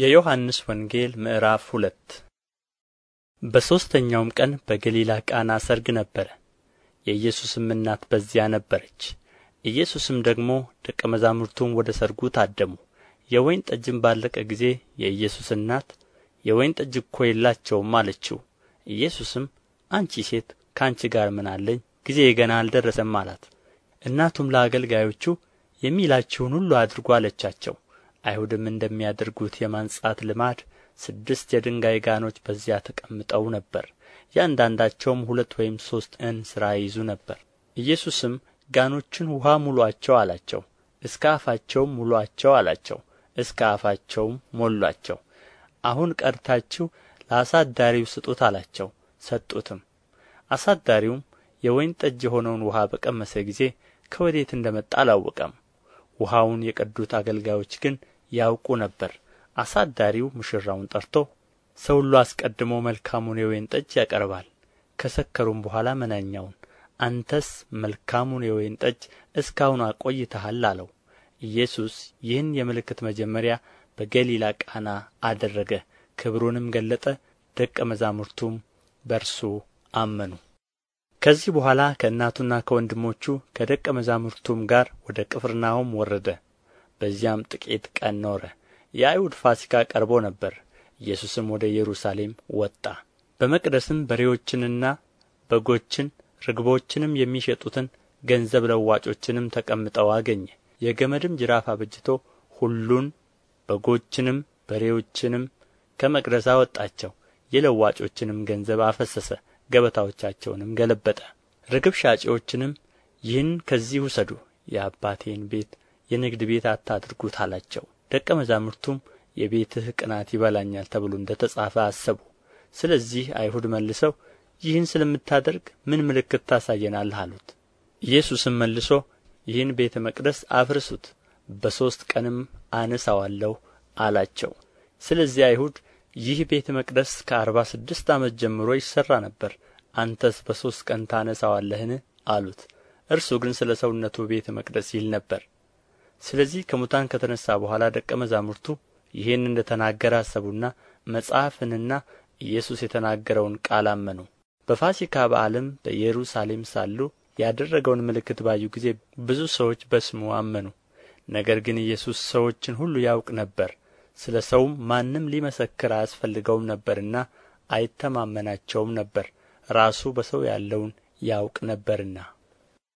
የዮሐንስ ወንጌል ምዕራፍ ሁለት በሦስተኛውም ቀን በገሊላ ቃና ሰርግ ነበረ። የኢየሱስም እናት በዚያ ነበረች። ኢየሱስም ደግሞ ደቀ መዛሙርቱን ወደ ሰርጉ ታደሙ። የወይን ጠጅም ባለቀ ጊዜ የኢየሱስ እናት የወይን ጠጅ እኮ የላቸውም አለችው። ኢየሱስም አንቺ ሴት ከአንቺ ጋር ምን አለኝ? ጊዜ ገና አልደረሰም አላት። እናቱም ለአገልጋዮቹ የሚላችሁን ሁሉ አድርጉ አለቻቸው። አይሁድም እንደሚያደርጉት የማንጻት ልማድ ስድስት የድንጋይ ጋኖች በዚያ ተቀምጠው ነበር እያንዳንዳቸውም ሁለት ወይም ሦስት እንስራ ይይዙ ነበር ኢየሱስም ጋኖችን ውሃ ሙሏቸው አላቸው እስከ አፋቸውም ሙሏቸው አላቸው እስከ አፋቸውም ሞሏቸው። አሁን ቀድታችሁ ለአሳዳሪው ስጡት አላቸው ሰጡትም አሳዳሪውም የወይን ጠጅ የሆነውን ውሃ በቀመሰ ጊዜ ከወዴት እንደ መጣ አላወቀም ውሃውን የቀዱት አገልጋዮች ግን ያውቁ ነበር አሳዳሪው ሙሽራውን ጠርቶ ሰው ሁሉ አስቀድሞ መልካሙን የወይን ጠጅ ያቀርባል ከሰከሩም በኋላ መናኛውን አንተስ መልካሙን የወይን ጠጅ እስካሁን አቆይተሃል አለው ኢየሱስ ይህን የምልክት መጀመሪያ በገሊላ ቃና አደረገ ክብሩንም ገለጠ ደቀ መዛሙርቱም በእርሱ አመኑ ከዚህ በኋላ ከእናቱና ከወንድሞቹ ከደቀ መዛሙርቱም ጋር ወደ ቅፍርናሆም ወረደ በዚያም ጥቂት ቀን ኖረ የአይሁድ ፋሲካ ቀርቦ ነበር ኢየሱስም ወደ ኢየሩሳሌም ወጣ በመቅደስም በሬዎችንና በጎችን ርግቦችንም የሚሸጡትን ገንዘብ ለዋጮችንም ተቀምጠው አገኘ የገመድም ጅራፍ አበጅቶ ሁሉን በጎችንም በሬዎችንም ከመቅደስ አወጣቸው የለዋጮችንም ገንዘብ አፈሰሰ ገበታዎቻቸውንም ገለበጠ ርግብ ሻጪዎችንም ይህን ከዚህ ውሰዱ የአባቴን ቤት የንግድ ቤት አታድርጉት አላቸው ደቀ መዛሙርቱም የቤትህ ቅናት ይበላኛል ተብሎ እንደ ተጻፈ አሰቡ ስለዚህ አይሁድ መልሰው ይህን ስለምታደርግ ምን ምልክት ታሳየናለህ አሉት ኢየሱስም መልሶ ይህን ቤተ መቅደስ አፍርሱት በሦስት ቀንም አነሳዋለሁ አላቸው ስለዚህ አይሁድ ይህ ቤተ መቅደስ ከአርባ ስድስት ዓመት ጀምሮ ይሠራ ነበር አንተስ በሦስት ቀን ታነሳዋለህን አሉት እርሱ ግን ስለ ሰውነቱ ቤተ መቅደስ ይል ነበር ስለዚህ ከሙታን ከተነሳ በኋላ ደቀ መዛሙርቱ ይህን እንደ ተናገረ አሰቡና መጽሐፍንና ኢየሱስ የተናገረውን ቃል አመኑ። በፋሲካ በዓልም በኢየሩሳሌም ሳሉ ያደረገውን ምልክት ባዩ ጊዜ ብዙ ሰዎች በስሙ አመኑ። ነገር ግን ኢየሱስ ሰዎችን ሁሉ ያውቅ ነበር፣ ስለ ሰውም ማንም ሊመሰክር አያስፈልገውም ነበርና አይተማመናቸውም ነበር፣ ራሱ በሰው ያለውን ያውቅ ነበርና።